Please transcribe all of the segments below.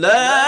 لا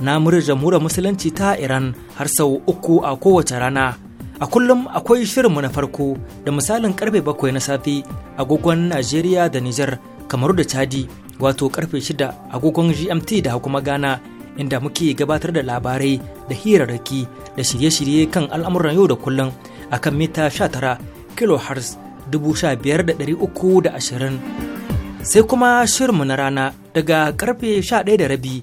na murar jamhuriyar musulunci ta Iran har sau uku a kowace rana. A kullum akwai shirinmu na farko da misalin karfe bakwai na safe agogon Najeriya da Nijar kamaru da Chadi wato karfe shida agogon GMT da kuma Ghana inda muke gabatar da labarai da hirarraki da shirye-shirye kan al'amuran yau da kullum a kan mita sha tara dubu da uku da ashirin) sai kuma shirinmu na rana daga karfe ɗaya da rabi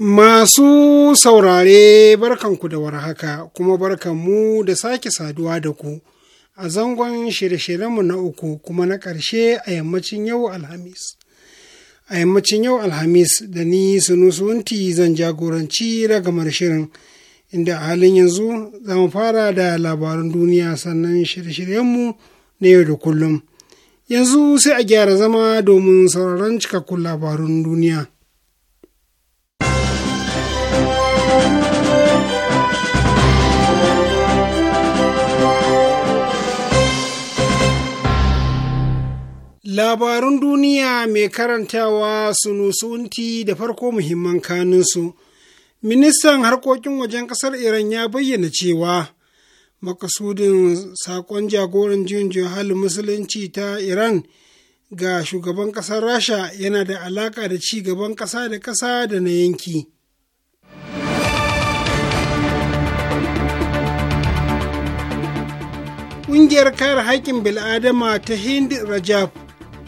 Masu saurare barkanku da warhaka kuma barkanmu da sake saduwa da ku a zangon shirye-shiryenmu na uku kuma na ƙarshe a yammacin yau Alhamis. A yammacin yau Alhamis da ni sunusunti zan jagoranci ragamar shirin inda a halin yanzu za mu fara da labarin duniya sannan shirye-shiryenmu na yau da kullum. Yanzu sai a gyara zama domin sauraron cikakkun labarun duniya. Labarun duniya mai karantawa su sunusunti da farko muhimman kanunsu. Ministan harkokin wajen ƙasar Iran ya bayyana cewa makasudin saƙon jagoran jin halin musulunci ta Iran ga shugaban ƙasar Rasha yana da alaƙa da ci gaban ƙasa da ƙasa da na yanki. Ƙungiyar kare haƙƙin bil'adama ta Hind Rajab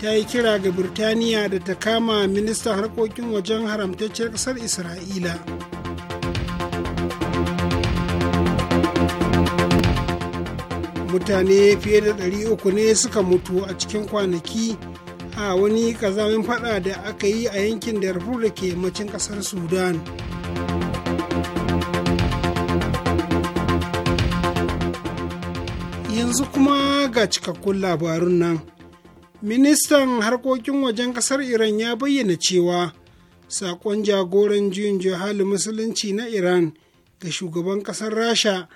ta yi kira ga birtaniya da ta kama ministan harkokin wajen haramtacciyar ƙasar isra'ila mutane fiye da 300 ne suka mutu a cikin kwanaki a wani kazamin fada da aka yi a yankin darfur da ke macin ƙasar sudan yanzu kuma ga cikakkun labarun nan ministan harkokin wajen kasar iran ya bayyana cewa sakon jagoran juyin juhali musulunci na iran ga shugaban kasar rasha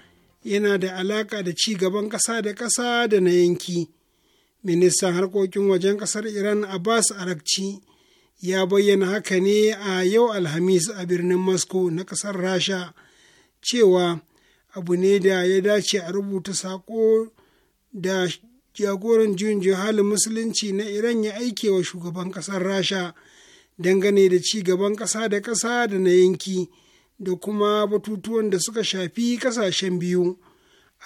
yana da alaka da ci gaban kasa da kasa da na yanki ministan harkokin wajen kasar iran abbas arakci ya bayyana haka ne a yau alhamis a birnin moscow na kasar rasha cewa abu ne da ya dace a rubuta sako da jagoran juyin halin musulunci na iran ya aike wa shugaban kasar rasha dangane da ci gaban kasa da kasa da na yanki da kuma batutuwan da suka shafi kasashen biyu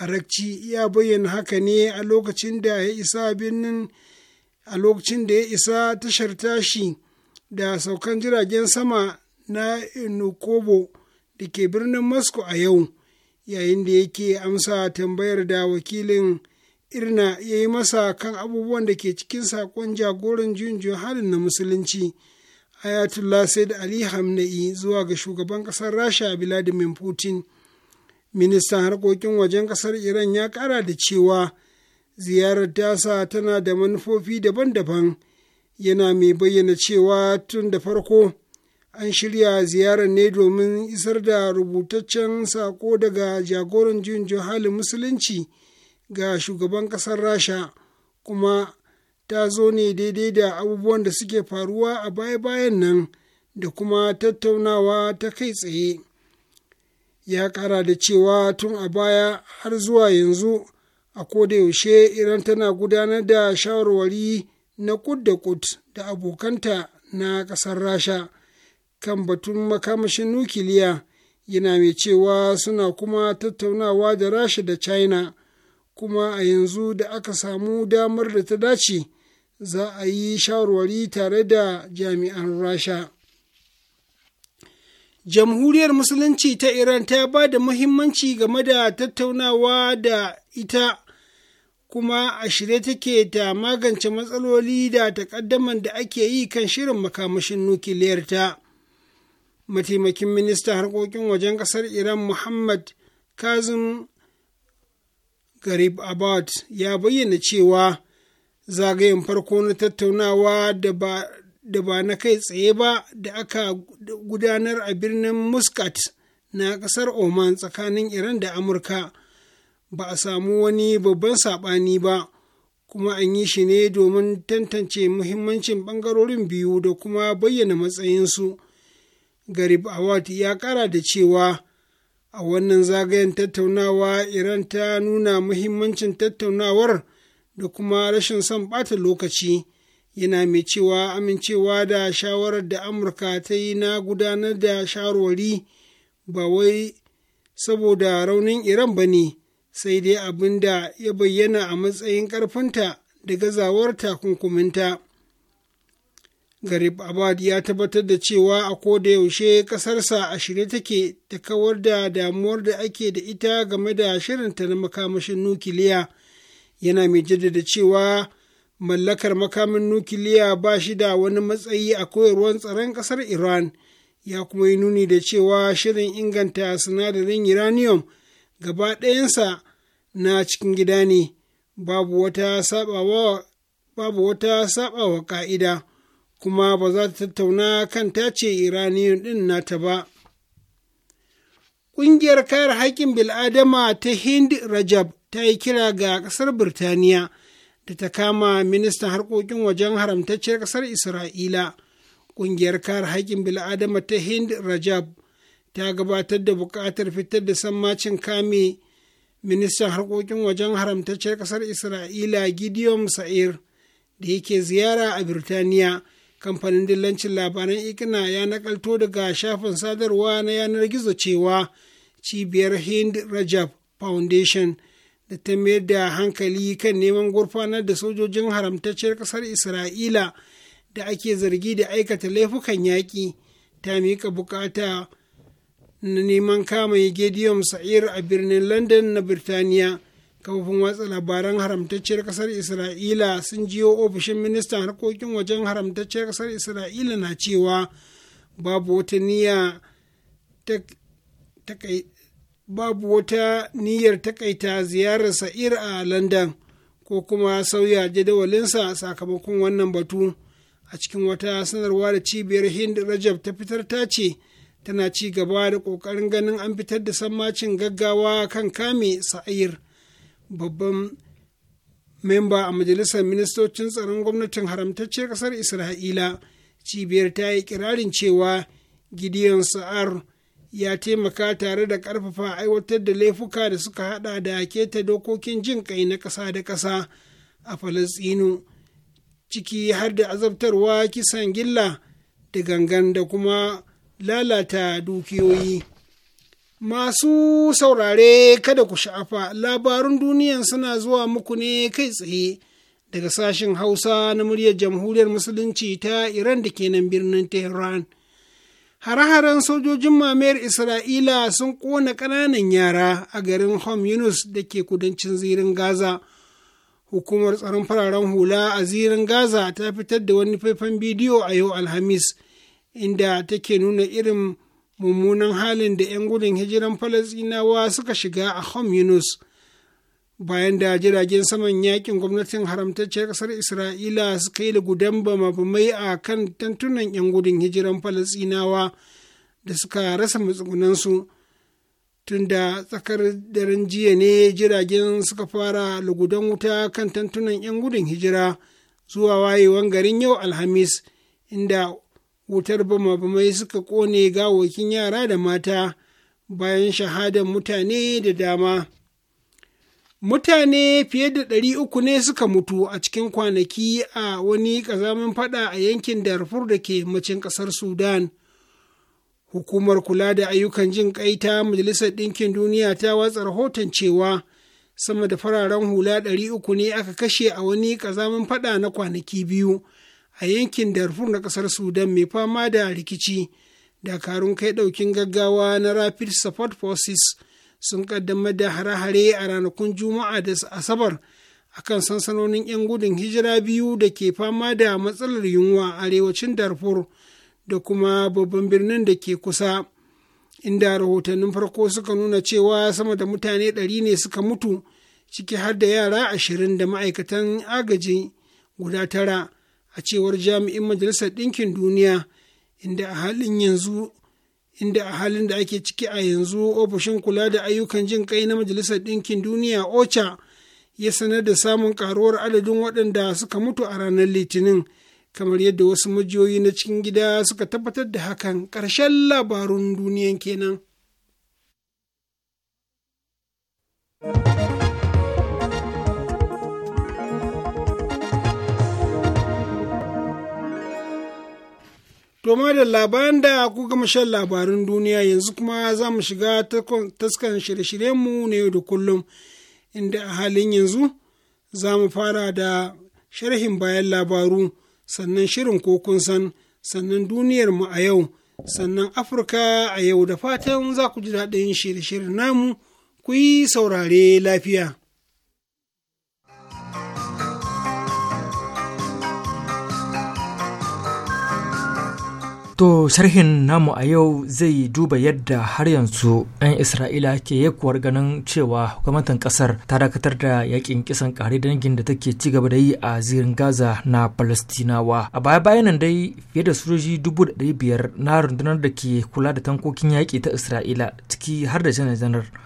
arakci ya bayyana haka ne a lokacin da ya isa birnin a lokacin da ya isa tashar tashi da saukan jiragen sama na Nukobo da ke birnin Moscow a yau, yayin da yake amsa tambayar da wakilin irna ya yi masa kan abubuwan da ke cikin saƙon jagoran juyin halin na musulunci ayatollah said ali hamna'i zuwa ga shugaban ƙasar rasha vladimir putin ministan harkokin wajen ƙasar iran ya ƙara da cewa ziyarar tasa tana da manufofi daban-daban yana mai bayyana cewa tun da farko an shirya ziyarar ne domin isar da rubutaccen saƙo daga jagoran juyin halin musulunci ga shugaban ƙasar rasha kuma ta zo ne daidai da abubuwan da suke faruwa a baya-bayan nan da kuma tattaunawa ta kai tsaye ya kara da cewa tun a baya har zuwa yanzu a yaushe iran tana gudanar da shawarwari na kud da kud da abokanta na ƙasar rasha kan batun makamashin nukiliya yana mai cewa suna kuma tattaunawa da rasha da china kuma a yanzu da aka samu damar da ta dace za a yi shawarwari tare da jami'an rasha jamhuriyar musulunci ta iran ta ba da muhimmanci game da tattaunawa da ita kuma a shirye take ta magance matsaloli da takaddaman da ake yi kan shirin makamashin nukiliyarta mataimakin ministan harkokin wajen ƙasar iran muhammad kazim garib abad ya bayyana cewa zagayen farko na tattaunawa da ba na kai tsaye ba da aka gudanar a birnin muscat na ƙasar oman tsakanin iran da amurka ba a samu wani babban saɓani ba kuma an yi shi ne domin tantance muhimmancin ɓangarorin biyu da kuma bayyana matsayinsu garib awad ya ƙara da cewa a wannan zagayen tattaunawa iran ta nuna muhimmancin tattaunawar da kuma rashin son ɓata lokaci yana mai cewa amincewa da shawarar da amurka ta yi na gudanar da shawarwari ba wai saboda raunin iran ba ne sai dai abin da ya bayyana a matsayin ƙarfinta da gazawar takunkuminta. Garib Abad ya tabbatar da cewa a koda yaushe ƙasarsa a shirye take ta kawar da damuwar da ake da ita game da shirinta na makamashin nukiliya. Yana mai jaddada cewa mallakar makamin nukiliya ba shi da wani matsayi a koyarwar tsaron ƙasar Iran. Ya kuma yi nuni da cewa shirin inganta sinadarin uranium gaba ɗayansa na cikin gida ne, babu wata saɓawa ƙa'ida. kuma ba za ta tattauna kan tace iraniyun ɗin nata ba. Ƙungiyar kayar haƙƙin bil'adama ta Hind Rajab ta yi kira ga ƙasar Birtaniya da ta kama ministan harkokin wajen haramtacciyar ƙasar Isra'ila. Ƙungiyar kayar haƙƙin bil'adama ta Hind Rajab ta gabatar da buƙatar fitar da sammacin kame ministan harkokin wajen haramtacciyar ƙasar Isra'ila Gideon Sa'ir da yake ziyara a Birtaniya. kamfanin dillancin labaran ikina ya nakalto daga shafin sadarwa na yanar gizo cewa cibiyar hind rajab foundation da ta mayar da hankali kan neman gurfanar da sojojin haramtacciyar kasar isra'ila da ake zargi da aikata laifukan yaƙi ta mika buƙata na neman kama gediyom sa'ir a birnin london na birtaniya kafofin watsa labaran haramtacciyar kasar isra'ila sun jiyo ofishin ministan harkokin wajen haramtacciyar kasar isra'ila na cewa babu wata niyya babu wata niyyar takaita ziyarar sa'ir a london ko kuma sauya jadawalinsa sakamakon wannan batu a cikin wata sanarwa da cibiyar hind rajab ta fitar ta ce tana ci gaba da ƙoƙarin ganin an fitar da sammacin gaggawa kan kame sa'ir babban memba a majalisar ministocin tsaron gwamnatin haramtacce kasar isra'ila cibiyar ta yi kirarin cewa gideon sa'ar ya taimaka tare da ƙarfafa aiwatar da laifuka da suka hada da keta dokokin jin kai na ƙasa da ƙasa a falastinu ciki har da azabtarwa kisan gilla da gangan da kuma lalata dukiyoyi. Masu saurare kada ku sha'afa labarun duniyan suna zuwa muku ne kai tsaye daga sashen Hausa na muryar Jamhuriyar Musulunci ta Iran da ke nan birnin Tehran. Hare-haren sojojin mamayar Isra'ila sun ƙona ƙananan yara a garin Hom Yunus da ke kudancin zirin Gaza. Hukumar tsaron fararen hula a zirin Gaza ta fitar da wani faifan bidiyo a yau Alhamis, inda take nuna irin mummunan halin da 'yan gudun hijiran falasinawa suka shiga a Hom Yunus bayan da jiragen saman yakin gwamnatin haramtacciyar ƙasar Isra'ila suka yi gudan bama a kan tantunan 'yan gudun hijiran falasinawa da suka rasa matsugunansu tun da tsakar daren jiya ne jiragen suka fara lugudan wuta kan tantunan 'yan gudun hijira zuwa wayewan garin yau alhamis inda wutar bama-bamai suka ƙone gawokin yara da mata bayan shahadar mutane da dama mutane fiye da ɗari uku ne suka mutu a cikin kwanaki a wani ƙazamin faɗa a yankin darfur da ke macin ƙasar sudan hukumar kula da ayyukan jin ƙai ta majalisar ɗinkin duniya ta watsa rahoton cewa sama da fararen hula ɗari uku ne aka kashe a wani ƙazamin faɗa na kwanaki biyu a yankin darfur na kasar sudan mai fama da rikici dakarun kai daukin gaggawa na rapid support forces sun kaddamar da hare-hare a ranakun juma'a da asabar akan sansanonin 'yan gudun hijira biyu da ke fama da matsalar yunwa a arewacin darfur da kuma babban birnin da ke kusa inda rahotannin farko suka nuna cewa sama da mutane ɗari ne suka mutu ciki har da yara ashirin da ma'aikatan agaji guda tara a cewar jami'in majalisar ɗinkin duniya inda a halin yanzu inda a halin da ake ciki a yanzu ofishin kula da ayyukan jin kai na majalisar ɗinkin duniya ocha ya sanar da samun karuwar adadin waɗanda suka mutu a ranar litinin kamar yadda wasu majiyoyi na cikin gida suka tabbatar da hakan ƙarshen labarun duniyan kenan. To da labaran da ku gama shan labarin duniya yanzu kuma za mu shiga taskan shirye-shiryenmu na yau da kullum inda a halin yanzu za mu fara da sharhin bayan labaru sannan shirin ko san sannan duniyar mu a yau sannan afirka a yau da fatan za ku ji daɗin shirye-shiryen namu ku yi saurare lafiya. To sharhin namu a yau zai duba yadda har yanzu 'yan Isra'ila ke yakuwar ganin cewa gwamnatin kasar ta dakatar da yakin kisan kare dangin da take ci gaba da yi a zirin Gaza na palestinawa. A baya bayan nan dai fiye da sojoji dubu da biyar na rundunar da ke kula da tankokin yaƙi ta Isra'ila ciki har da janar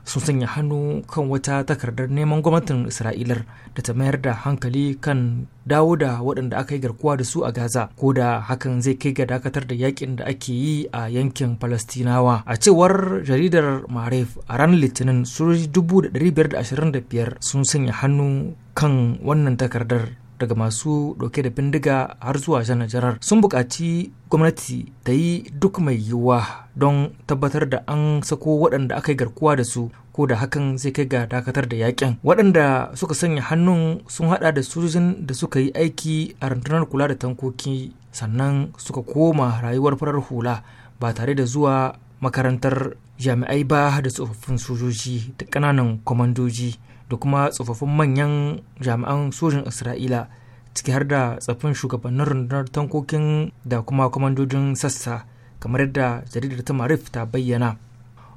sun sanya hannu kan wata takardar neman gwamnatin Isra'ilar da ta mayar da hankali kan dawo da waɗanda aka yi garkuwa da su a Gaza ko da hakan zai kai ga dakatar da yakin da ake yi a yankin Falastinawa. A cewar jaridar Marif a ranar Litinin sojoji 525 sun sanya hannu kan wannan takardar daga masu ɗauke da bindiga har zuwa janar sun buƙaci gwamnati ta yi duk mai yiwuwa don tabbatar da an sako waɗanda aka yi garkuwa da su ko da hakan zai kai ga dakatar da yakin waɗanda suka sanya hannun sun hada da sojojin da suka yi aiki a rundunar kula da tankoki sannan suka koma rayuwar farar hula ba tare da zuwa makarantar jami'ai ba da tsofaffin sojoji da ƙananan kwamandoji da kuma tsofaffin manyan jami'an sojin isra'ila ciki har da tsaffin shugabannin rundunar tankokin da kuma kwamandojin sassa kamar yadda jaridar ta marif ta bayyana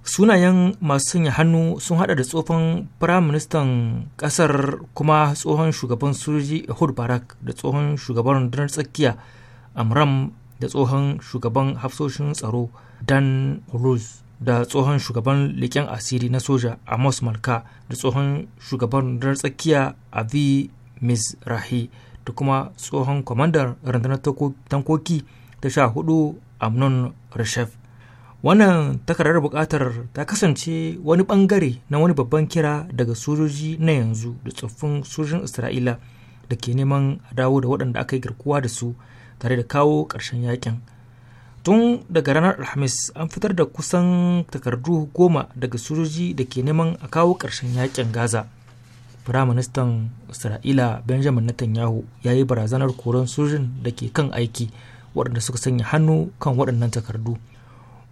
sunayen masu sanya hannu sun hada da tsohon firaministan kasar kuma tsohon shugaban sojoji ehud barak da tsohon shugaban rundunar tsakiya amram da tsohon shugaban hafsoshin tsaro dan rose da tsohon shugaban leƙen asiri na soja amos malka da tsohon shugaban rundunar tsakiya avi mizrahi da kuma tsohon kwamandar rundunar tankoki ta sha hudu amnon reshef wannan takarar bukatar ta kasance wani bangare na wani babban kira daga sojoji na yanzu da tsoffin sojojin isra'ila da ke neman a dawo da waɗanda aka yi garkuwa da su tare da kawo ƙarshen yakin tun daga ranar alhamis an fitar da kusan takardu goma daga sojoji da ke neman a kawo ƙarshen yakin gaza firaministan isra'ila benjamin netanyahu ya yi barazanar koron sojin da ke kan aiki waɗanda suka sanya hannu kan waɗannan takardu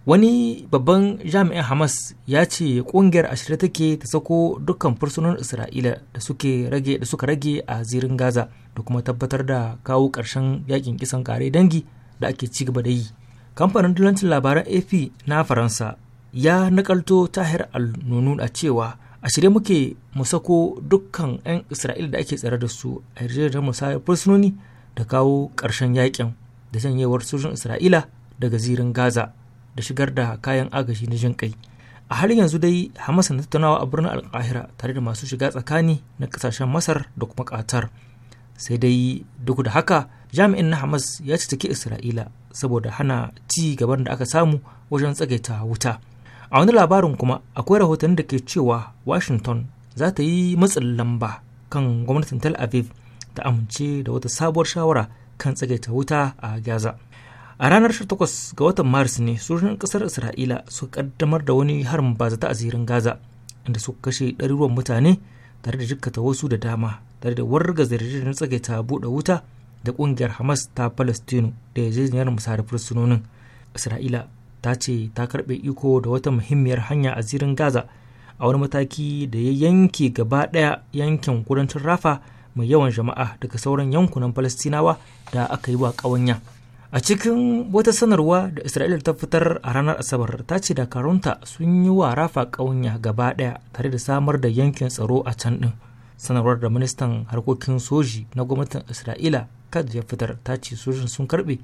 wani babban jami'in hamas ya ce kungiyar ashirin take ta sako dukkan fursunan isra'ila da suke rage da suka rage a zirin gaza da kuma tabbatar da kawo ƙarshen yakin kisan kare dangi da ake ci gaba da yi kamfanin dulancin labaran ap na faransa ya nakalto tahir al-nunun a cewa a shirye muke mu sako dukkan 'yan isra'ila da ake tsare da su a yarjejeniyar musayar fursunoni da kawo ƙarshen yakin da janyewar sojin isra'ila daga zirin gaza da shigar da kayan agashi na jin kai a har yanzu dai hamas na tattaunawa a birnin alkahira tare da masu shiga tsakani na kasashen masar da kuma katar sai dai duk da haka jami'in na hamas ya ciki isra'ila saboda hana ci gaban da aka samu wajen tsagaita wuta a wani labarin kuma akwai rahoton da ke cewa washington za ta yi matsin lamba kan gwamnatin tel aviv ta amince da wata sabuwar shawara kan tsagaita wuta a gaza a ranar 18 ga watan maris ne sojojin ƙasar isra'ila suka kaddamar da wani harin bazata a zirin gaza inda suka kashe ɗaruruwan mutane tare da jikkata wasu da dama tare da warga tsage ta buɗe wuta da ƙungiyar hamas ta palestino da yarjejeniyar musayar fursunonin isra'ila ta ce ta karɓe iko da wata muhimmiyar hanya a zirin gaza a wani mataki da ya yanke gaba ɗaya yankin kudancin rafa mai yawan jama'a daga sauran yankunan falastinawa da aka yi wa ƙawanya. a cikin wata sanarwa da isra'ila ta fitar a ranar asabar ta ce dakarunta sun yi wa rafa ƙaunya gaba ɗaya tare da samar da yankin tsaro a can ɗin sanarwar da ministan harkokin soji na gwamnatin isra'ila kad ya fitar ta ce sojin sun karbe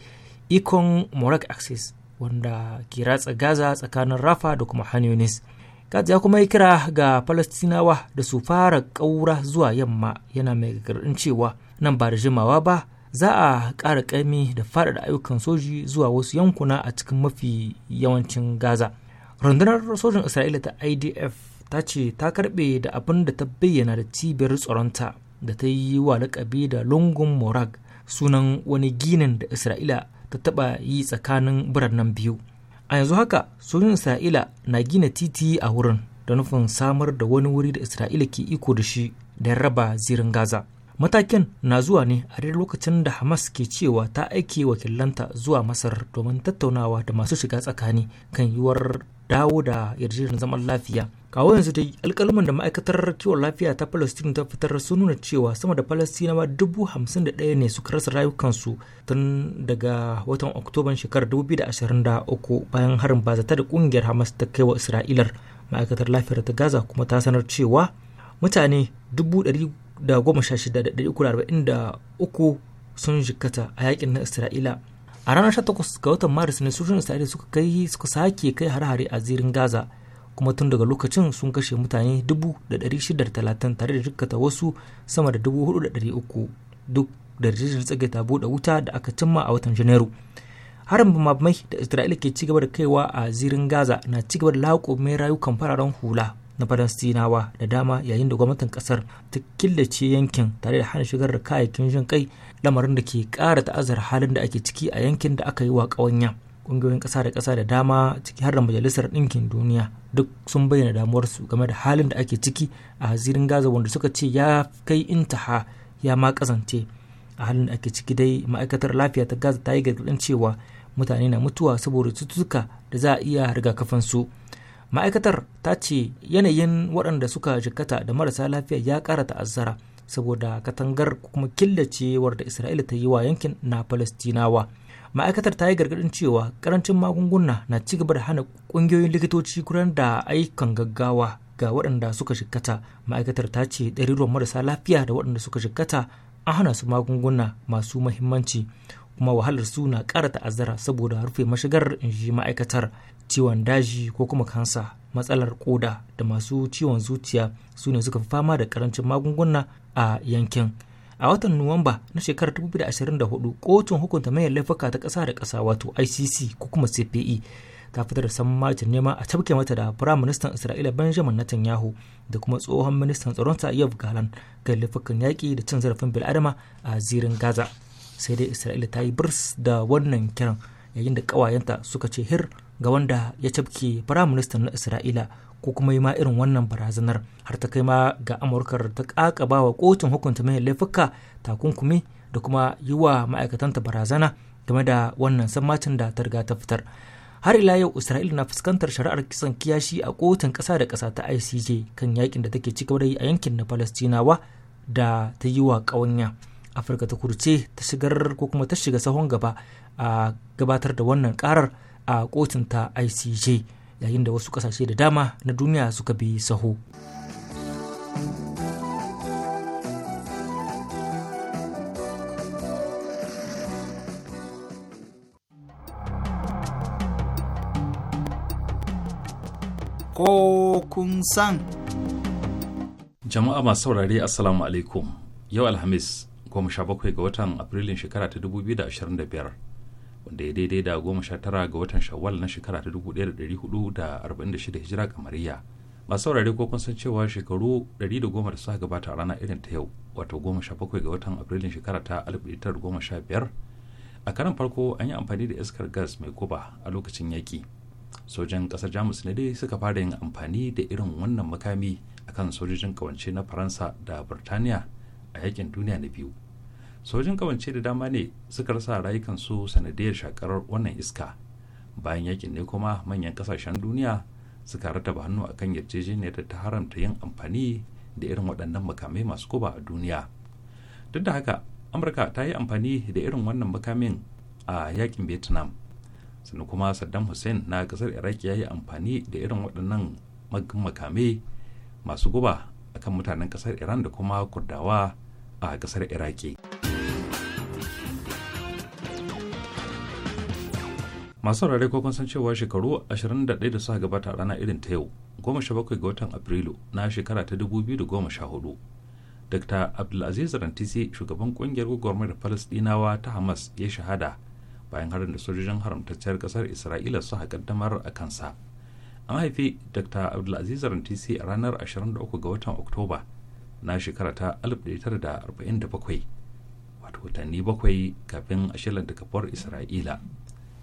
ikon morak axis wanda ke ratsa gaza tsakanin rafa da kuma hanyonis kad ya kuma yi kira ga falastinawa da su fara ƙaura zuwa yamma yana mai gargaɗin cewa nan ba da jimawa ba za a ƙara ƙami da faɗaɗa ayyukan soji zuwa wasu yankuna a cikin mafi yawancin gaza rundunar sojin isra'ila ta idf ta ce ta karɓe da abin da ta bayyana da cibiyar tsaronta da ta yi wa lakabi da lungun morag sunan wani ginin da isra'ila ta taɓa yi tsakanin birannan biyu a yanzu haka sojin isra'ila na gina titi a wurin da nufin samar da wani wuri da isra'ila ke iko da shi da raba zirin gaza matakin na zuwa ne a daidai lokacin da hamas ke cewa ta aiki wakilanta zuwa masar domin tattaunawa da masu shiga tsakani kan yiwuwar dawo da yarjejeniyar zaman lafiya kawo yanzu dai alkalman da ma'aikatar kiwon lafiya ta palestine ta fitar sun nuna cewa sama da palestinawa dubu hamsin da ɗaya ne suka rasa rayukansu tun daga watan oktoban shekarar uku bayan harin bazata da kungiyar hamas ta kai wa isra'ilar ma'aikatar lafiyar ta gaza kuma ta sanar cewa mutane dubu ɗari da da goma sha shida uku da arba'in uku sun jikkata a yakin na isra'ila a ranar 18 ga watan maris ne sojojin isra'ila suka kai suka sake kai har-hare a zirin gaza kuma tun daga lokacin sun kashe mutane 630 tare da jikkata wasu sama da uku duk da rijiyar tsagaita buɗe wuta da aka cimma a watan janairu harin bamamai da isra'ila ke cigaba da kaiwa a zirin gaza na cigaba da laƙo mai rayukan fararen hula na falastinawa da dama yayin da gwamnatin kasar ta killace yankin tare da hana shigar da kayayyakin jin kai lamarin da ke kara ta'azzar halin da ake ciki a yankin da aka yi wa kawanya ƙungiyoyin ƙasa da ƙasa da dama ciki har da majalisar ɗinkin duniya duk sun bayyana damuwarsu game da halin da ake ciki a zirin gaza wanda suka ce ya kai intaha ya ma kazance a halin da ake ciki dai ma'aikatar lafiya ta gaza ta yi gargaɗin cewa mutane na mutuwa saboda cututtuka da za a iya rigakafin su ma'aikatar ta ce yanayin waɗanda suka jikkata da marasa lafiya ya ƙara ta'azzara saboda katangar kuma killacewar da isra'ila ta yi wa yankin na palestinawa ma'aikatar ta yi gargaɗin cewa karancin magunguna na ci gaba da hana ƙungiyoyin likitoci gudanar da ayyukan gaggawa ga waɗanda suka jikkata ma'aikatar ta ce ɗariruwan marasa lafiya da waɗanda suka jikkata an hana su magunguna masu muhimmanci kuma wahalar su na ƙara ta'azzara saboda rufe mashigar in ma'aikatar ciwon daji ko kuma kansa matsalar koda da masu ciwon zuciya su ne suka fi fama da karancin magunguna a yankin a watan nuwamba na shekarar 2024 kotun hukunta mayan laifuka ta ƙasa da kasa wato icc ko kuma cpe ta fitar da sammacin nema a tabke mata da firayim ministan isra'ila benjamin netanyahu da kuma tsohon ministan tsaronsa yov galan ga laifukan yaƙi da cin zarafin bil'adama a zirin gaza sai dai isra'ila ta yi birs da wannan kiran yayin da kawayenta suka ce hir ga wanda ya cafke firaministan na isra'ila ko kuma yi ma irin wannan barazanar har ta kai ma ga amurkar ta kakaba wa kotun hukunta mai laifuka takunkumi da kuma yi wa ma'aikatanta barazana game da wannan sammacin da ta riga ta fitar har ila yau isra'ila na fuskantar shari'ar kisan kiyashi a kotun kasa da kasa ta icj kan yakin da take ci gaba da yi a yankin na falastinawa da ta yi wa ƙawanya afirka ta kurce ta shigar ko kuma ta shiga sahon gaba a gabatar da wannan karar a kotun ta icj yayin da wasu kasashe da dama na duniya suka bi saho ko kun san jama'a masu saurare assalamu alaikum yau alhamis goma sha bakwai ga watan afrilun shekara ta dubu biyu da ashirin da biyar wanda ya daidai da goma sha tara ga watan shawwal na shekara ta dubu ɗaya da ɗari hudu da arba'in da shida hijira kamariya masu saurare ko kun san cewa shekaru ɗari da goma da suka gabata a rana irin ta yau wato goma sha bakwai ga watan afrilun shekara ta alif ɗaya tara goma sha biyar a karan farko an yi amfani da iskar gas mai guba a lokacin yaƙi sojan ƙasar jamus ne dai suka fara yin amfani da irin wannan makami akan sojojin kawance na faransa da burtaniya a yakin duniya na biyu sojin kawance da dama ne suka rasa rayukansu sanadiyar shakarar wannan iska bayan yakin ne kuma manyan kasashen duniya suka rataba hannu kan yarjejeniyar da ta haramta yin amfani da irin waɗannan makamai masu guba a duniya duk da haka amurka ta yi amfani da irin wannan makamin a yakin vietnam sannan kuma saddam hussein na kasar iraq ya yi amfani da irin waɗannan makamai masu guba akan mutanen ƙasar iran da kuma kurdawa a ƙasar iraki. masu rare ko kun san cewa shekaru 21 da suka gabata a rana irin ta yau 17 ga watan afrilu na shekara ta 2014 dr abdulaziz rantisi shugaban kungiyar gwagwarmar falasdinawa ta hamas ya shahada bayan harin da sojojin haramtacciyar kasar isra'ila suka kaddamar a kansa an haifi dr abdulaziz rantisi a ranar 23 ga watan oktoba na shekara ta 1947 wato watanni bakwai kafin a da kafar isra'ila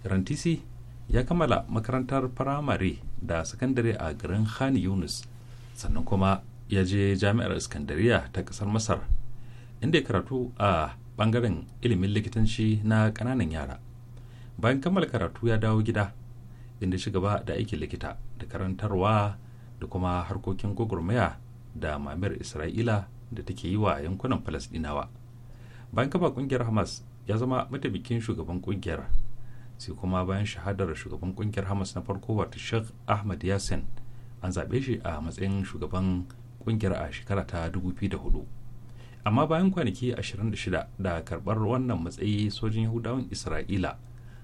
rantisi ya kammala makarantar firamare da sakandare a garin khan yunus sannan kuma ya je jami'ar iskandariya ta kasar masar inda ya karatu a bangaren ilimin likitanci na kananan yara bayan kammala karatu ya dawo gida inda ya gaba da aikin likita da karantarwa da kuma harkokin gwagwarmaya da mamir isra'ila da take yi wa yankunan falasdinawa bayan kafa kungiyar hamas ya zama mataimakin shugaban kungiyar sai kuma bayan shahadar shugaban kungiyar hamas na farko wata sheikh ahmad yasin an zaɓe shi a matsayin shugaban kungiyar a shekara ta 2004 amma bayan kwanaki 26 da karɓar wannan matsayi sojin yahudawan isra'ila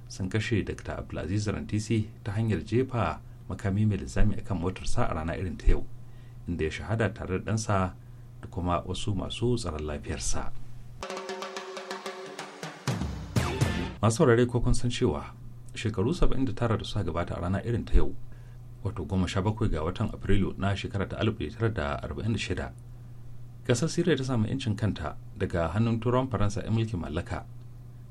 sun kashe dr abdulaziz rantisi ta hanyar jefa makami mai lizami akan motarsa a rana irin ta yau inda ya shahada tare da ɗansa da kuma wasu masu tsaron lafiyarsa. masu saurare ko kun san cewa shekaru 79 da suka gabata a rana irin ta yau wato 17 ga watan afrilu na shekara ta 1946 kasar siriya ta samu 'yancin kanta daga hannun turon faransa 'yan mulkin mallaka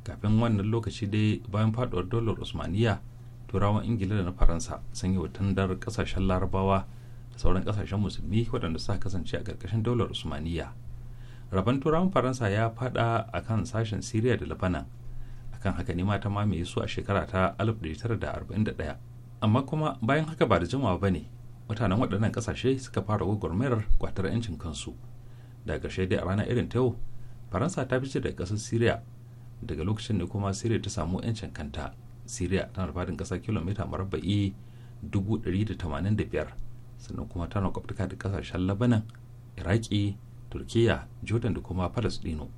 kafin wannan lokaci dai bayan faduwar dolar usmaniya turawan ingila da na faransa sun yi watandar kasashen larabawa da sauran kasashen musulmi waɗanda suka kasance a ƙarƙashin dolar usmaniya rabon turawan faransa ya faɗa a kan sashen siriya da labanan kan haka ne mata mamaye su a shekara ta 1941 amma kuma bayan haka ba da jimawa ba ne mutanen waɗannan ƙasashe suka fara gwagwarmayar kwatar 'yancin kansu daga dai a rana irin ta yau faransa ta fice daga ƙasar syria daga lokacin da kuma syria ta samu 'yancin kanta syria tana faɗin ƙasa kilomita marabba'i 185 sannan kuma tana kwaftuka da ƙasashen labanan iraki turkiya jordan da kuma palestino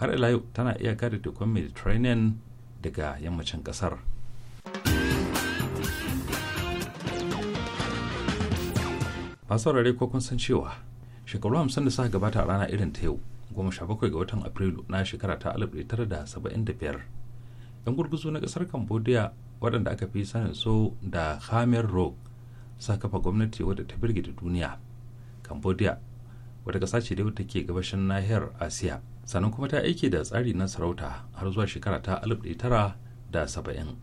har ila yau tana iyaka da tekun mediterranean daga yammacin kasar masu rarrai ko kun san cewa shekaru hamsin da suka gabata a rana irin ta yau goma sha bakwai ga watan afrilu na shekara ta alif tara da saba'in da biyar yan gurguzu na kasar cambodia waɗanda aka fi sanin so da khamer rock sa kafa gwamnati wadda ta birgita duniya cambodia wata ƙasa ce da ke gabashin nahiyar asiya sannan kuma ta aiki da tsari na sarauta har zuwa shekara ta 1970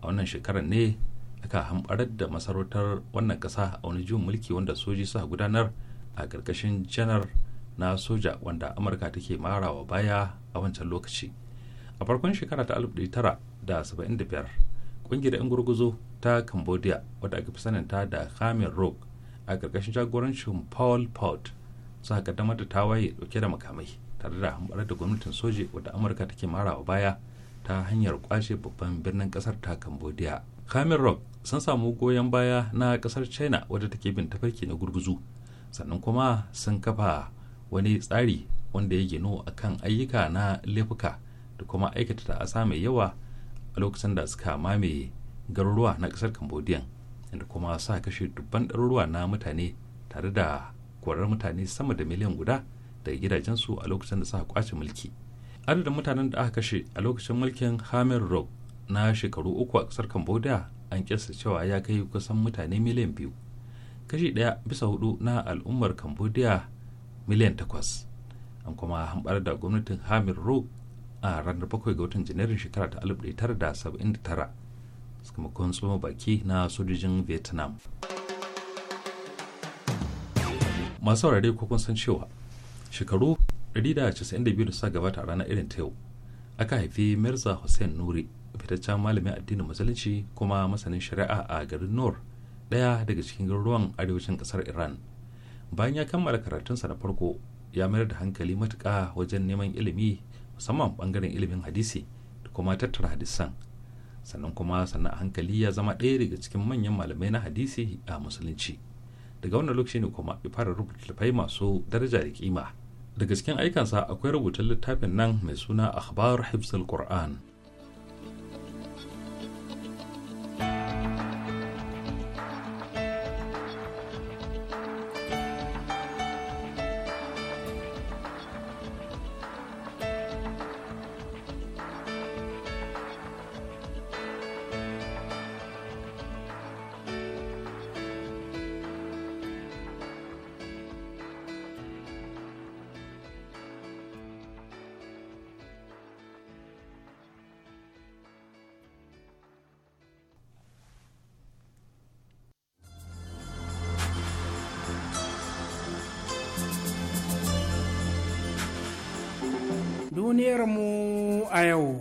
a wannan shekarar ne aka hamɓarar da masarautar wannan ƙasa a wani juyin mulki wanda soji suka gudanar a ƙarƙashin janar na soja wanda amurka take marawa baya a wancan lokaci a farkon shekara ta 1975 ƙungiyar 'yan gurguzo ta cambodia wadda aka fi saninta da kamin rock a ƙarƙashin jagorancin paul pot suka kaddamar da tawaye dauke da makamai tare da hamɓarar da gwamnatin soji wadda amurka take marawa baya ta hanyar kwashe babban birnin kasar ta cambodia kamin rock sun samu goyon baya na kasar china wadda take bin tafarki na gurguzu sannan kuma sun kafa wani tsari wanda ya gino a kan ayyuka na laifuka da kuma aikata ta'asa mai yawa a lokacin da suka mamaye garuruwa na kasar cambodia inda kuma sa kashe dubban ɗaruruwa na mutane tare da korar mutane sama da miliyan guda daga gidajensu a lokacin da suka kwace mulki adadin mutanen da aka kashe a lokacin mulkin hamer rock na shekaru uku a kasar cambodia an kyasta cewa ya kai kusan mutane miliyan biyu kashi ɗaya bisa hudu na al'ummar cambodia miliyan takwas an kuma hambar da gwamnatin hamer rock a ranar bakwai ga watan janairun shekara ta tara sakamakon tsoma baki na sojojin vietnam masu saurari ko kun san cewa shekaru 192 da suka gabata a ranar irin ta yau aka haifi mirza hussein nuri fitaccen malamin addinin musulunci kuma masanin shari'a a garin nor daya daga cikin garuruwan arewacin kasar iran bayan ya kammala karatunsa na farko ya mayar da hankali matuka wajen neman ilimi musamman bangaren ilimin hadisi da kuma tattara hadisan sannan kuma sannan hankali ya zama ɗaya daga cikin manyan malamai na hadisi a musulunci daga wannan lokaci ne kuma ya fara rubuta masu daraja da kima daga cikin aikansa akwai rubutun littafin nan mai suna akhbar hifzul qur'an duniyarmu a yau.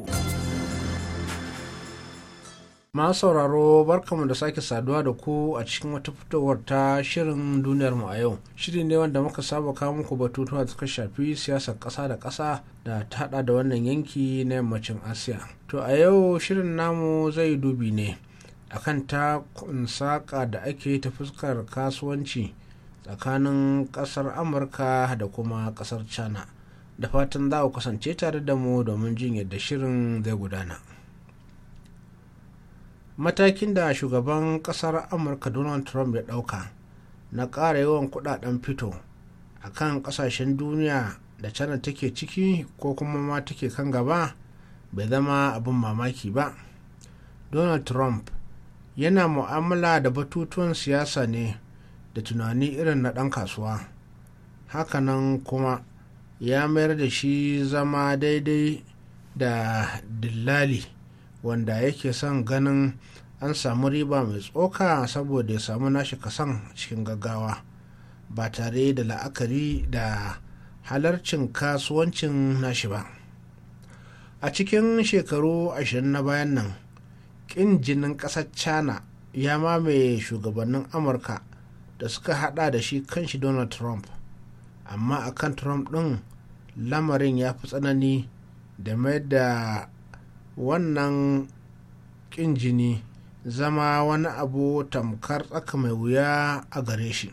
Masu sauraro barkamu da sake saduwa da ku a cikin wata fitowar ta shirin duniyar mu a yau. Shiri ne wanda muka saba kawo muku batutuwa da suka shafi siyasar ƙasa da ƙasa da ta hada da wannan yanki na yammacin Asiya. To a yau shirin namu zai dubi ne akan ta saƙa da ake ta fuskar kasuwanci tsakanin ƙasar Amurka da kuma ƙasar China. da fatan za a kasance tare da mu domin jin yadda shirin zai gudana matakin da shugaban kasar amurka donald trump ya dauka na ƙara yawan kudaden fito a kan kasashen duniya da china take ciki ko kuma ma take kan gaba bai zama abin mamaki ba donald trump yana mu'amala da batutuwan siyasa ne da tunani irin na ɗan kasuwa hakanan kuma ya mayar da shi zama daidai da dillali wanda yake son ganin an samu riba mai tsoka saboda ya samu nashi kasan cikin gaggawa ba tare da la'akari da halarcin kasuwancin nashi ba a cikin shekaru ashirin na bayan nan ƙin jinin ƙasar china ya mamaye shugabannin amurka da suka hada da shi kanshi donald trump amma akan trump din. lamarin ya fi tsanani da mayar da wannan kin jini zama wani abu tamkar tsaka mai wuya a gare shi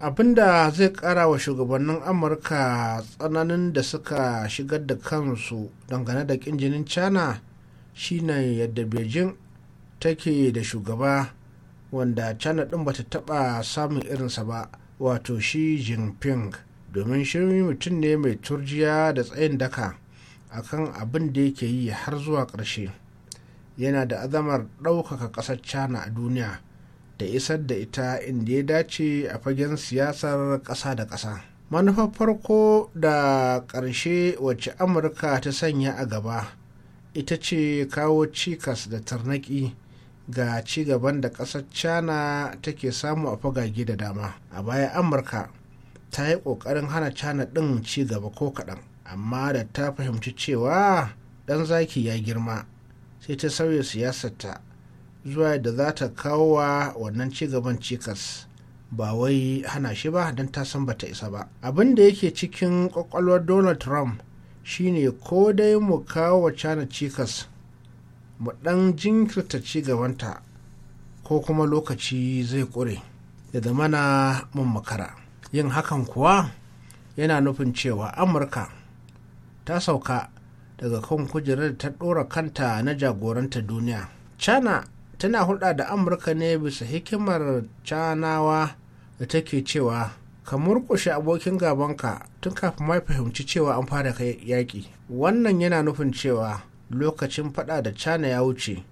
abinda zai kara wa shugabannin amurka tsananin da suka shigar da kansu dangane da kin jinin china shine yadda beijing take da shugaba wanda china din bata taba samun irinsa ba wato shi jinping domin shi mutum ne mai turjiya da tsayin daka akan abin da yake yi har zuwa ƙarshe yana da azamar ɗaukaka ƙasar china a duniya da isar da ita inda ya dace a fagen siyasar ƙasa da ƙasa manufar farko da ƙarshe wacce amurka ta sanya a gaba ita ce kawo cikas da tarnaki. ga ci gaban da ƙasar china take samu a fagage da dama a baya amurka ta yi ƙoƙarin hana china ɗin ci gaba ko kaɗan amma da ta fahimci cewa ɗan zaki ya girma sai ta sauya siyasarta zuwa da za ta kawo wa wannan ci gaban cikas ba wai hana shi ba don ta san bata isa ba abin da yake cikin ƙwaƙwalwar donald trump shine ko dai mu kawo wa china cikas mu ɗan jinkirta ci gabanta ko kuma lokaci zai ƙure da na mun makara yin hakan kuwa yana nufin cewa amurka ta sauka daga kan kujerar ta ɗora kanta na jagoranta duniya china tana hulɗa da amurka ne bisa hikimar canawa da take cewa ka murƙushe abokin gabanka tun kafin mai fahimci cewa an fara yaƙi wannan yana nufin cewa lokacin fada da cana ya wuce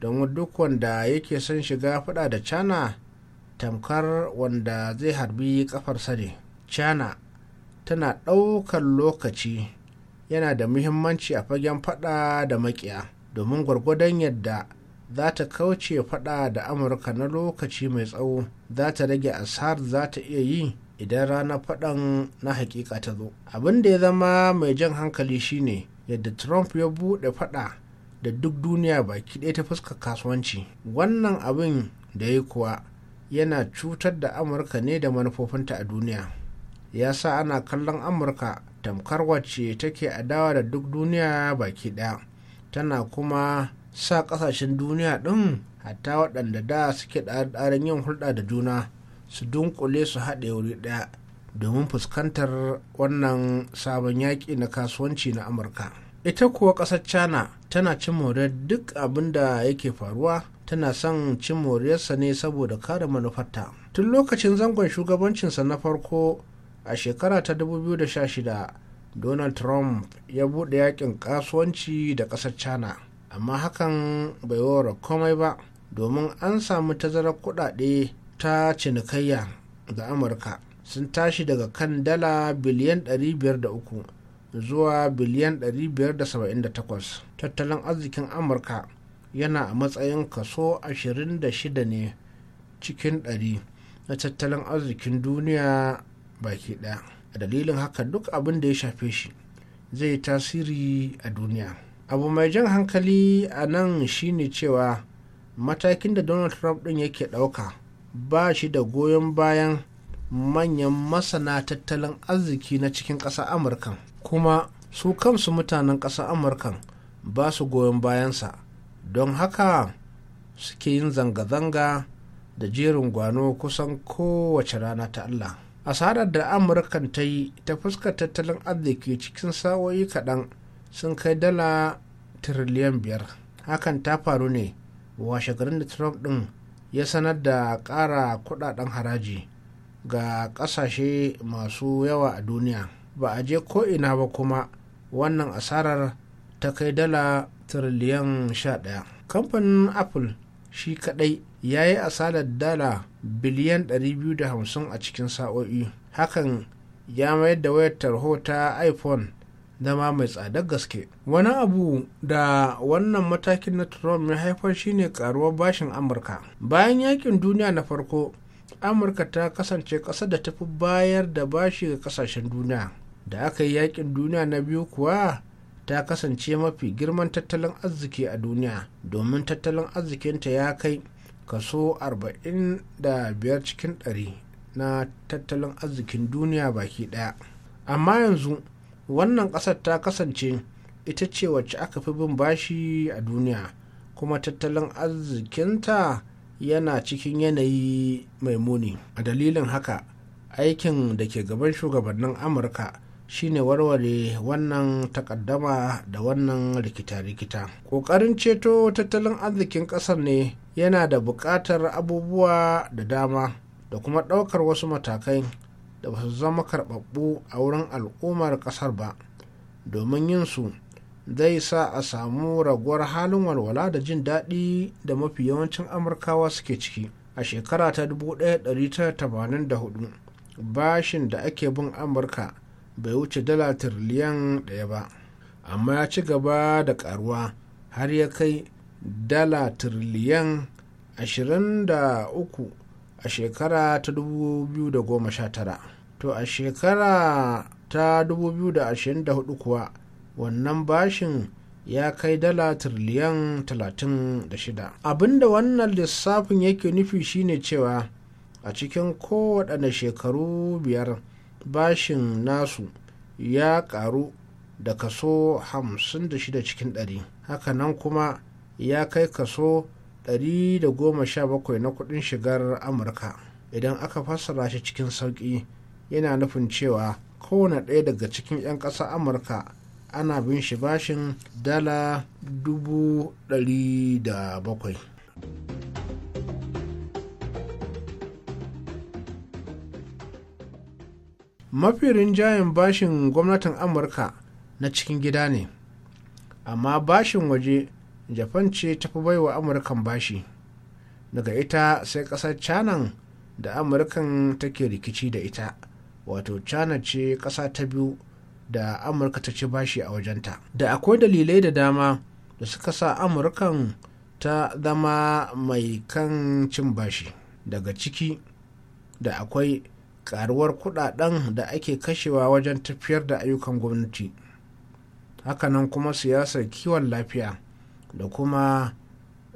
don duk wanda yake son shiga fada da cana tamkar wanda zai harbi kafarsa ne cana tana ɗaukar lokaci yana da muhimmanci a fagen fada da makiya domin gwargwadon yadda za ta kauce fada da amurka na lokaci mai tsawo za ta rage asar za ta iya yi idan ranar fadan na hakika ta zo abin da ya zama mai jan hankali shine yadda trump ya bude fada da duk duniya baki ɗaya ta fuska kasuwanci wannan abin da ya kuwa yana cutar da amurka ne da manufofinta a duniya ya sa ana kallon amurka tamkar wacce take adawa da duk duniya baki ɗaya tana kuma sa ƙasashen duniya ɗin hatta waɗanda da suke ɗarin yin hulɗa da juna su dunkule su haɗe wuri ɗaya domin fuskantar wannan sabon yaƙi na kasuwanci na amurka ita kuwa ƙasar china tana cin moriyar duk abin da yake faruwa tana son cin moriyarsa ne saboda kare manufarta tun lokacin zangon shugabancinsa na farko a shekara ta 2016 donald trump ya buɗe yakin kasuwanci da ƙasar china amma hakan bai wara komai ba domin an samu tazarar kuɗaɗe ta cinikayya ga amurka sun tashi daga kan dala biliyan 503 zuwa biliyan 578 tattalin arzikin amurka yana a matsayin kaso 26 ne cikin 100 na tattalin arzikin duniya baki daya a dalilin haka duk abin da ya shafe shi zai tasiri a duniya abu mai jan hankali a nan shine cewa matakin da donald trump din yake dauka ba shi da goyon bayan manyan masana tattalin arziki na cikin ƙasa amurka kuma su kansu mutanen ƙasa amurka ba su goyon bayansa don haka suke yin zanga-zanga da jerin gwano kusan kowace rana ta allah asarar da amurka ta yi ta fuskar tattalin arziki cikin sa'o'i kaɗan sun kai dala tiriliyan biyar hakan ta faru ne washe garin da trump ɗin ya sanar da ƙara kuɗaɗen haraji ga kasashe masu yawa a duniya ba a je ko'ina ba kuma wannan asarar ta kai dala tiriliyan 11 kamfanin apple shi kadai ya yi asarar dala biliyan 250 a cikin sa'o'i hakan ya mayar da wayar tarho ta iphone zama mai tsadar gaske wani abu da wannan matakin na trump ya haifar shine karuwar bashin amurka bayan yakin duniya na farko amurka ta kasance ƙasar da tafi bayar da bashi ga kasashen duniya da aka yi yakin duniya na biyu kuwa ta kasance mafi girman tattalin arziki a duniya domin tattalin arzikinta ya kai kaso 45 cikin 100 na tattalin arzikin duniya baki daya amma yanzu wannan ƙasar ta kasance ita ce wacce aka fi bin bashi a duniya kuma tattalin arzikinta yana cikin yanayi mai muni a dalilin haka aikin da ke gaban shugabannin amurka shine warware wannan takaddama da wannan rikita-rikita ƙoƙarin ceto tattalin arzikin ƙasar ne yana da buƙatar abubuwa da dama da kuma ɗaukar wasu matakai da ba su zama karɓaɓɓu a wurin al'ummar ƙasar ba domin yin su zai sa a samu raguwar halin walwala da jin daɗi da mafi yawancin amurkawa suke ciki a shekara ta 1984 bashin da ake bin amurka bai wuce dala tiriliyan ɗaya ba amma ya ci gaba da ƙaruwa, har ya kai dala tiriliyan 23 a shekara ta 2019 to a shekara ta 2024 kuwa wannan bashin ya kai dala tiriliyan 36 abinda wannan lissafin yake nufi shine cewa a cikin kowaɗanne shekaru biyar bashin nasu ya ƙaru da kaso 56 cikin 100 hakanan kuma ya kai kaso 117 na kuɗin shigar amurka idan aka fassara shi cikin sauƙi yana nufin cewa kowane ɗaya daga cikin 'yan ƙasa amurka ana bin shi bashin dala dubu ɗari da bakwai mafi rinjayen bashin gwamnatin amurka na cikin gida ne amma bashin waje japan ce tafi baiwa amurkan bashi daga ita sai kasar canan da amurkan take rikici da ita wato cana ce kasa ta biyu da amurka ta ci bashi a wajenta da akwai dalilai da dama da suka sa amurkan ta zama mai kan cin bashi daga ciki da akwai karuwar kudaden da ake kashewa wajen tafiyar da ayyukan gwamnati hakanan kuma siyasar kiwon lafiya da kuma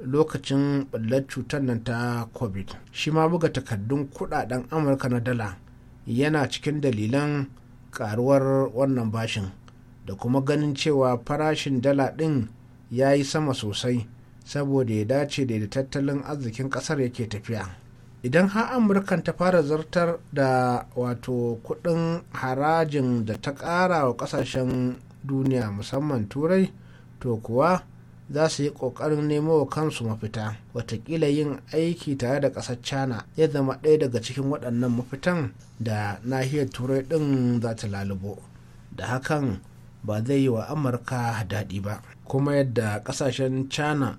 lokacin ɓullar cutar nan ta covid shi ma buga takardun kudaden amurka na dala yana cikin dalilan karuwar wannan bashin da kuma ganin cewa farashin dala ɗin ya yi sama sosai saboda ya dace da da tattalin arzikin ƙasar yake tafiya idan har amurkan ta fara zartar da wato kuɗin harajin da ta ƙara wa ƙasashen duniya musamman turai to kuwa za su yi ƙoƙarin nemo wa kansu mafita watakila yin aiki tare da ƙasar china ya zama ɗaya daga cikin waɗannan mafitan da nahiyar turai ɗin za ta lalubo da hakan ba zai yi wa amurka daɗi ba kuma yadda ƙasashen china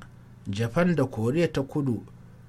japan da koriya ta kudu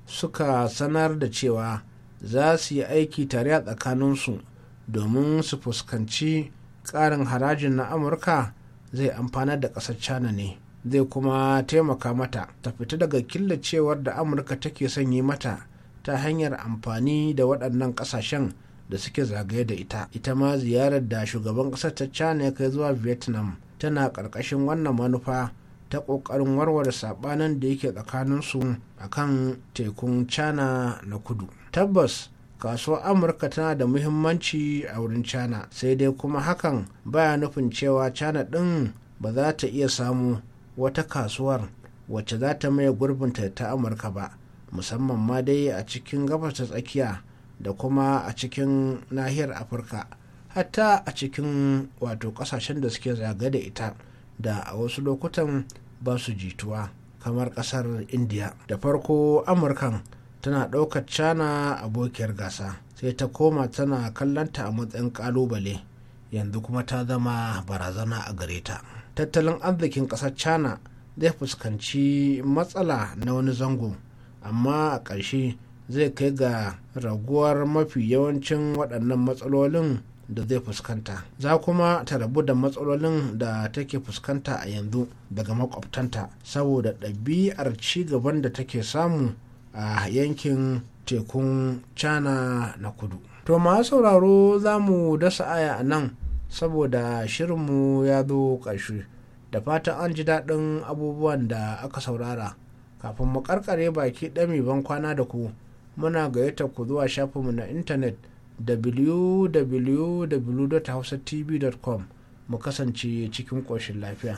suka sanar da cewa za su yi aiki tare a tsakaninsu domin su fuskanci ƙarin harajin na amurka zai amfana da ƙasar china ne zai kuma taimaka mata ta fita daga killacewar da amurka take yi mata ta hanyar amfani da waɗannan ƙasashen da suke zagaye da ita ita ma ziyarar da shugaban ƙasar ta china ya kai zuwa vietnam tana ƙarƙashin wannan manufa ta ƙoƙarin warware saɓanin da yake tsakaninsu a kan tekun china na kudu tabbas kasuwar amurka tana da muhimmanci a wurin china sai dai kuma hakan baya nufin cewa china ɗin ba za ta iya samu wata kasuwar wacce za ta maye gurbinta ta amurka ba musamman ma dai a cikin gabas ta tsakiya da kuma a cikin nahiyar afirka hatta a cikin wato kasashen da suke zaga da ita da a wasu lokutan ba su jituwa kamar kasar indiya da farko amurkan tana ɗaukar cana abokiyar gasa sai ta koma tana kallonta a matsayin ƙalubale yanzu kuma ta zama barazana a gare ta. tattalin arzikin ƙasar china zai fuskanci matsala na wani zango amma a ƙarshe zai kai ga raguwar mafi yawancin waɗannan matsalolin da zai fuskanta za kuma ta rabu da matsalolin da take fuskanta a yanzu daga makwabtanta saboda ɗabi'ar ci gaban da take samu a yankin tekun china na kudu to masu sauraro za mu dasa aya a nan saboda shirinmu ya zo ƙarshe da fatan an ji daɗin abubuwan da aka saurara kafin mu karkare baki ɗami ban kwana da ku muna gayyata ku zuwa shafinmu na intanet www.hausatv.com mu kasance cikin ƙoshin lafiya.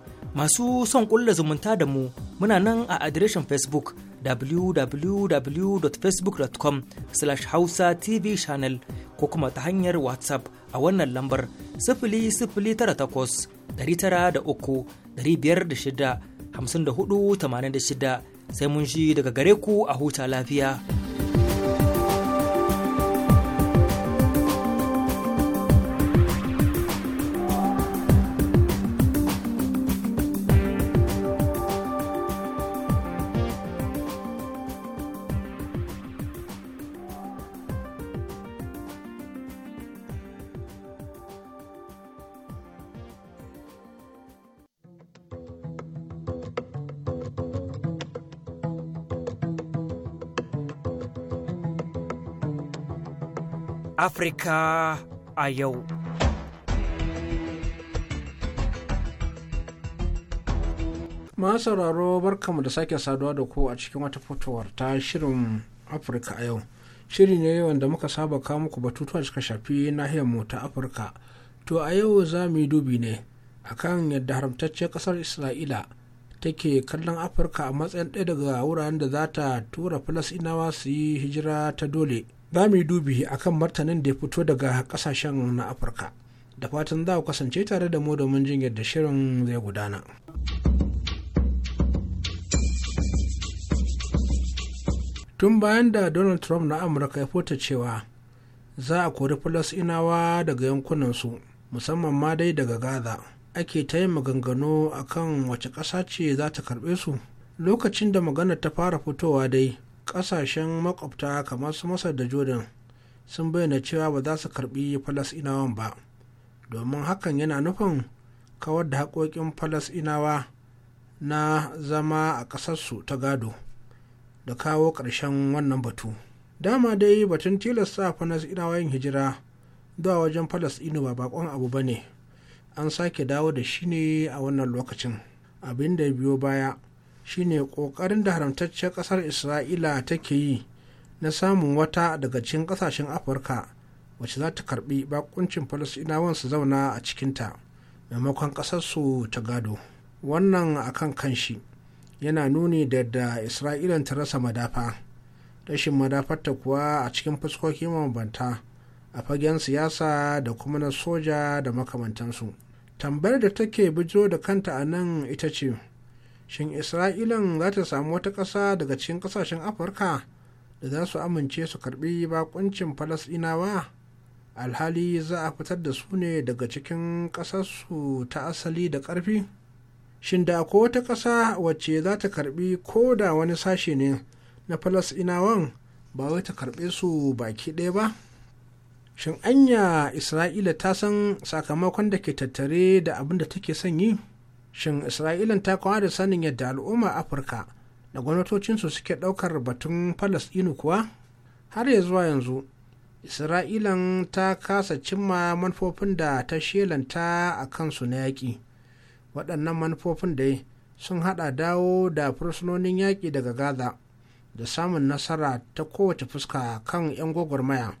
Masu son ƙulla zumunta da mu muna nan a adireshin Facebook www.facebook.com slash hausa tv channel ko kuma ta hanyar WhatsApp a wannan lambar sifili sifili tara uku biyar shida hamsin da hudu tamanin da shida sai mun shi daga gare ku a huta lafiya. Afirka a yau. Ma sauraro barkamu da sake saduwa da ku a cikin wata fitowar ta shirin Afirka a yau. Shiri ne wanda muka saba kawo muku batutuwa suka shafi nahiyar mu ta Afirka. To a yau za mu yi dubi ne akan yadda haramtacciyar kasar Isra'ila take kallon Afirka a matsayin ɗaya daga wuraren da za ta tura Falasɗinawa su yi hijira ta dole. za mu yi dubi a kan martanin da ya fito daga kasashen na afirka da fatan za ku kasance tare da mu domin jin yadda shirin zai gudana tun bayan da donald trump na amurka ya fota cewa za a kori inawa daga yankunansu musamman ma dai daga gaza ake ta yin maganganu akan wace ƙasa ce za ta karɓe su lokacin da magana ta fara fitowa dai kasashen makwabta kamar su masar da jordan sun bayyana cewa ba za su karbi falasinawan ba domin hakan yana nufin kawar da haƙoƙin falasinawa na zama a ƙasarsu ta gado da kawo ƙarshen wannan batu dama dai batun tilasta falasinawa yin hijira zuwa wajen falasinu ba bakon abu ba ne an sake dawo da shi ne a wannan lokacin abin da biyo baya shine ƙoƙarin da haramtacciyar ƙasar isra'ila take yi na samun wata daga cikin ƙasashen afirka wacce za ta karbi bakuncin falasɗinawan su zauna a cikinta maimakon su ta gado wannan akan kanshi yana nuni da da isra'ila ta rasa madafa rashin madafarta kuwa a cikin fuskoki mabanta a fagen siyasa da kuma na soja da makamantansu tambayar da take bijo da kanta a nan ita ce shin isra'ilan za ta samu wata ƙasa daga cikin ƙasashen afirka da za su amince su karbi bakuncin falasɗinawa alhali za a fitar da su ne daga cikin ƙasarsu ta asali da ƙarfi shin da akwai wata ƙasa wacce za ta karbi ko da wani sashe ne na falasɗinawan ba wai ta karbe su baki ɗaya ba shin anya isra'ila ta san sakamakon da ke tattare da abin da take son yi shin isra'ilan ta kawo da sanin yadda al'umma afirka da gwamnatocinsu suke ɗaukar batun falasɗinu kuwa har ya zuwa yanzu isra'ilan ta kasa cimma manufofin da ta shelanta a kansu na yaƙi waɗannan manufofin dai sun haɗa dawo da fursunonin yaƙi daga gaza da samun nasara ta kowace fuska kan 'yan gwagwarmaya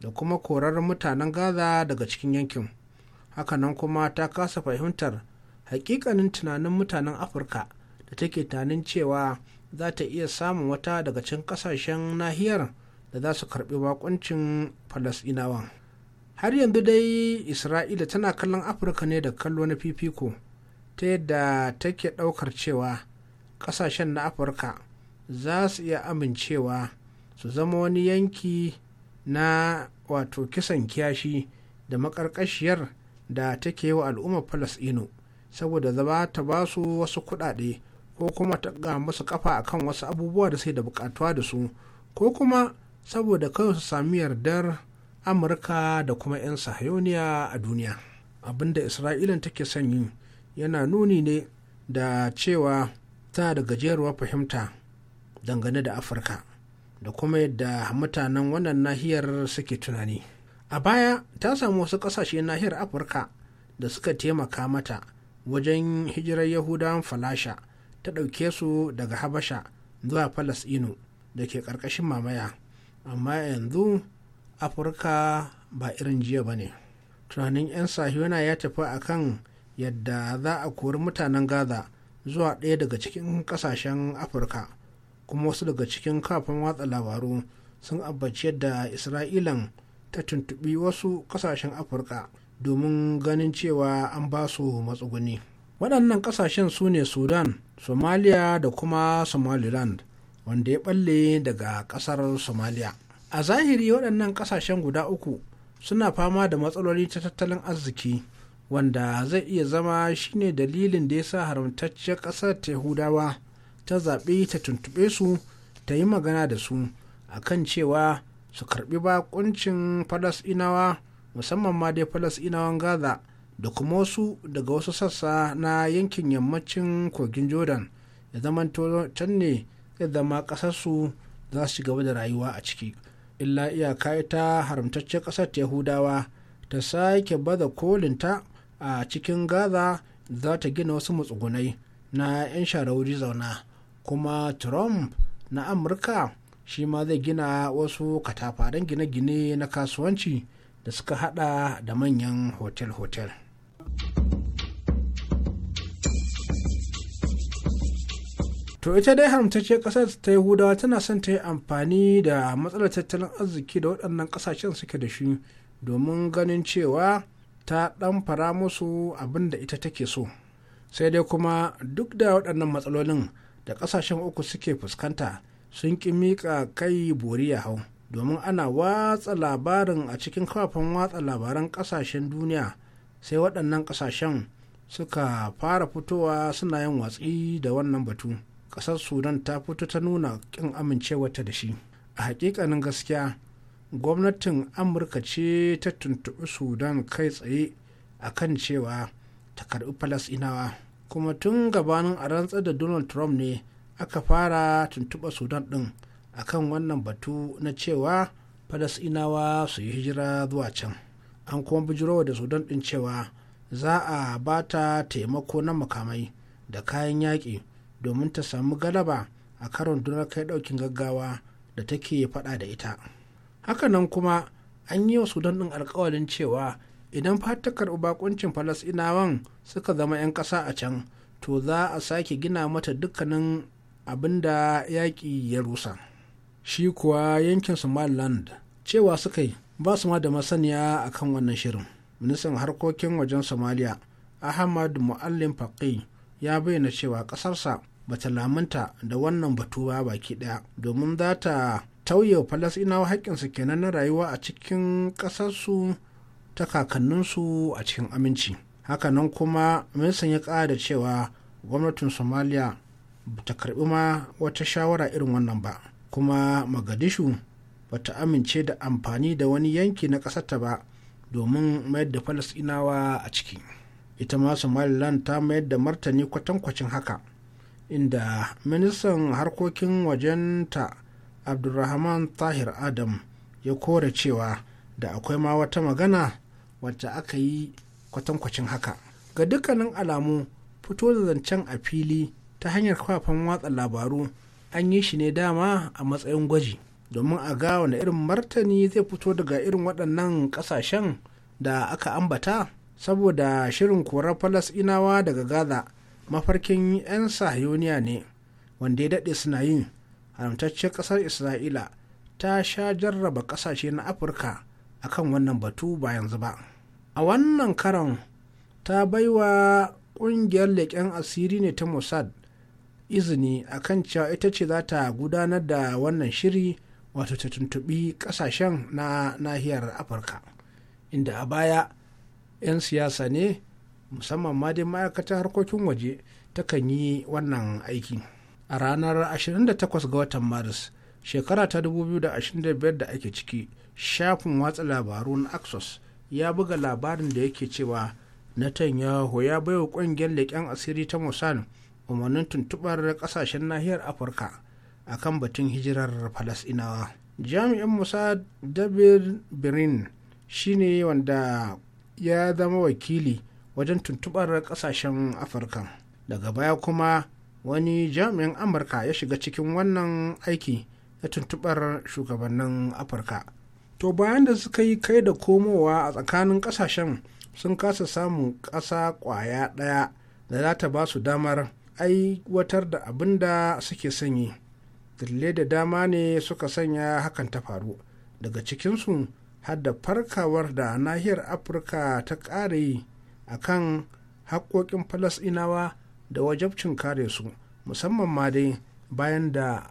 da kuma korar mutanen gaza daga cikin yankin hakanan kuma ta kasa fahimtar hakikanin tunanin mutanen afirka da take tunanin cewa za ta iya samun wata daga cin kasashen nahiyar da za su karbi bakuncin falasɗinawan har yanzu dai isra'ila tana kallon afirka ne da kallo na fifiko ta yadda take ɗaukar cewa ƙasashen na afirka za su iya amincewa su zama wani yanki na wato kisan kiyashi da makarkashiyar da take yi wa al'ummar falasɗinu saboda za ta ba su wasu kuɗaɗe ko kuma ta ga musu kafa akan wasu abubuwa da sai da bukatuwa da su ko kuma saboda kawai su sami yardar amurka da kuma 'yan sahayoniya a duniya abinda isra'ila take son yi yana nuni ne da cewa ta da gajeruwar fahimta dangane da afirka da kuma yadda mutanen wannan nahiyar suke tunani a baya ta samu wasu kasashe nahiyar afirka da suka taimaka mata wajen hijirar yahudawan falasha ta ɗauke su daga habasha zuwa falasino da ke ƙarƙashin mamaya amma yanzu afirka ba irin jiya ba ne tunanin 'yan sahiyona ya tafi a kan yadda za a kori mutanen gaza zuwa ɗaya daga cikin ƙasashen afirka kuma wasu daga cikin kafin watsa labaru sun abbaci yadda isra'ilan ta tuntubi wasu ƙasashen afirka domin ganin cewa an ba su matsuguni waɗannan ƙasashen su ne sudan somalia da kuma somaliland wanda ya ɓalle daga ƙasar somalia a zahiri waɗannan ƙasashen guda uku suna fama da matsaloli ta tattalin arziki wanda zai iya zama shine dalilin da ya sa haramtacciyar ƙasar yahudawa ta zaɓi ta tuntuɓe su ta yi magana da su a kan cewa su karɓi baƙuncin falasɗinawa musamman ma dai falasɗinawan gaza da kuma wasu daga wasu sassa na yankin yammacin kogin jordan ya zama can ne zai zama ƙasarsu za su gaba da rayuwa a ciki illa iyaka ita haramtaccen ƙasar yahudawa ta sake baza kolinta a cikin gaza za ta gina wasu matsugunai na 'yan sharauri zauna kuma trump na amurka shi ma zai gina wasu katafaren gine-gine na kasuwanci da suka hada da manyan hotel-hotel. to ita dai haramtacce ƙasar ta yahudawa tana son ta yi amfani da matsalar tattalin arziki da waɗannan ƙasashen suke da shi domin ganin cewa ta ɗan fara musu abin da ita take so sai dai kuma duk da waɗannan matsalolin da ƙasashen uku suke fuskanta sun ƙi miƙa kai bori ya hau domin ana watsa labarin a cikin kafafen watsa labaran ƙasashen duniya sai waɗannan ƙasashen suka fara fitowa suna yin watsi da wannan batu ƙasar sudan ta fito ta nuna ƙin amincewarta da shi a hakikanin gaskiya gwamnatin amurka ce ta tuntuɓi sudan kai tsaye a kan cewa ta karɓi falasinawa kuma tun gabanin a rantsar da donald trump ne aka fara tuntuɓa sudan ɗin akan wannan batu na cewa falasinawa su yi hijira zuwa can an kuma bijirowa da sudan din cewa za a ba ta taimako na makamai da kayan yaƙi domin ta samu galaba a karon dunar kai ɗaukin gaggawa da take faɗa da ita hakanan kuma an yi wa sudan ɗin alkawalin cewa idan fatakar bakuncin falasinawan suka zama 'yan ƙasa a can to za a sake gina mata dukkanin abin da yaƙi ya rusa. shi kuwa yankin somaliland cewa suka yi ba su ma da masaniya a kan wannan shirin ministan harkokin wajen somaliya ahmad muallim faqi ya bayyana cewa ƙasarsa bata lamunta da wannan batu ba baki ɗaya domin za ta tauye falasɗinawa haƙƙinsu kenan na rayuwa a cikin ƙasarsu ta kakanninsu a cikin aminci hakanan kuma ministan ya ƙara da cewa gwamnatin somaliya ba ta karɓi ma wata shawara irin wannan ba kuma magadishu ba ta amince da amfani da wani yanki na ƙasarta ba domin mayar da falasinawa a ciki ita ma somaliland ta mayar da martani kwatankwacin haka inda ministan harkokin wajenta abdulrahman tahir adam ya kore cewa da akwai ma wata magana wacce aka yi kwatankwacin haka ga dukkanin alamu fito da zancen a fili ta hanyar kafafen watsa labaru an yi shi ne dama a matsayin gwaji domin a ga wani irin martani zai fito daga irin waɗannan ƙasashen da aka ambata saboda shirin korar falasɗinawa daga gaza mafarkin 'yan sahiyoniya ne wanda ya daɗe suna yin haramtaccen ƙasar isra'ila ta sha jarraba ƙasashe na afirka akan wannan batu ba yanzu ba a wannan karon ta baiwa ƙungiyar leƙen asiri ne ta mossad izini a kan cewa ita ce za ta gudanar da wannan shiri wato ta tuntubi kasashen na nahiyar afirka inda a baya 'yan siyasa ne musamman ma dai ma'aikatar harkokin waje takan yi wannan aiki a ranar 28 ga watan maris shekara ta 2025 da ake ciki shafin watsa labaru na axos ya buga labarin da yake cewa netanyahu ya baiwa kungiyar leƙen asiri ta musamman. umarnin tuntubar kasashen nahiyar afirka a kan batun hijirar falasinawa jami'in musa david birin shine wanda ya zama wakili wajen tuntubar kasashen afirka daga baya kuma wani jami'in amurka ya shiga cikin wannan aiki na tuntubar shugabannin afirka to bayan da suka yi kai da komowa a tsakanin kasashen sun kasa samun ƙasa ƙwaya ɗaya da za ta ba su damar aiwatar da abin da suke sanyi dalilai da dama ne suka sanya hakan ta faru daga cikinsu har da farkawar da nahiyar afirka ta ƙare a kan haƙoƙin falasɗinawa da wajabcin kare su musamman ma dai bayan da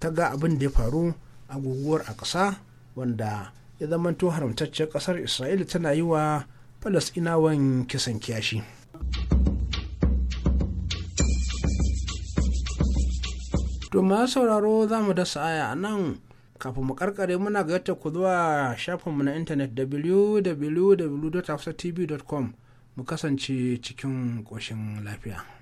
ta ga abin da ya faru a guguwar a ƙasa wanda ya zamanto haramtaccen ƙasar isra'ila tana yi wa falasɗinawan kisan kiyashi. to ma sauraro za mu dasa aya a nan kafin mu karkare muna gayyata ku zuwa shafinmu na intanet www.hafsatv.com mu kasance cikin ƙoshin lafiya.